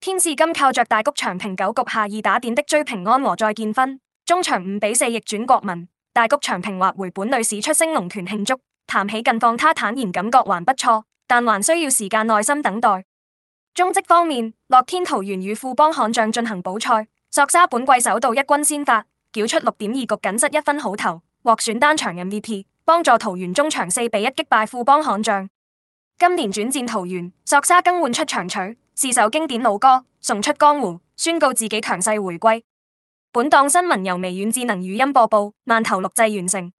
天使今靠着大谷翔平九局下二打點的追平安和再見分，終場五比四逆轉國民。大谷翔平滑回本壘使出升龍拳慶祝。談起近況，他坦言感覺還不錯，但還需要時間耐心等待。中職方面，樂天桃園與富邦悍將進行補賽，索沙本季首度一軍先發，繳出六點二局僅失一分好投，獲選單場 MVP，幫助桃園終場四比一擊敗富邦悍將。今年轉戰桃園，索沙更換出場取。是首經典老歌，重出江湖，宣告自己強勢回歸。本檔新聞由微軟智能語音播報，慢投錄製完成。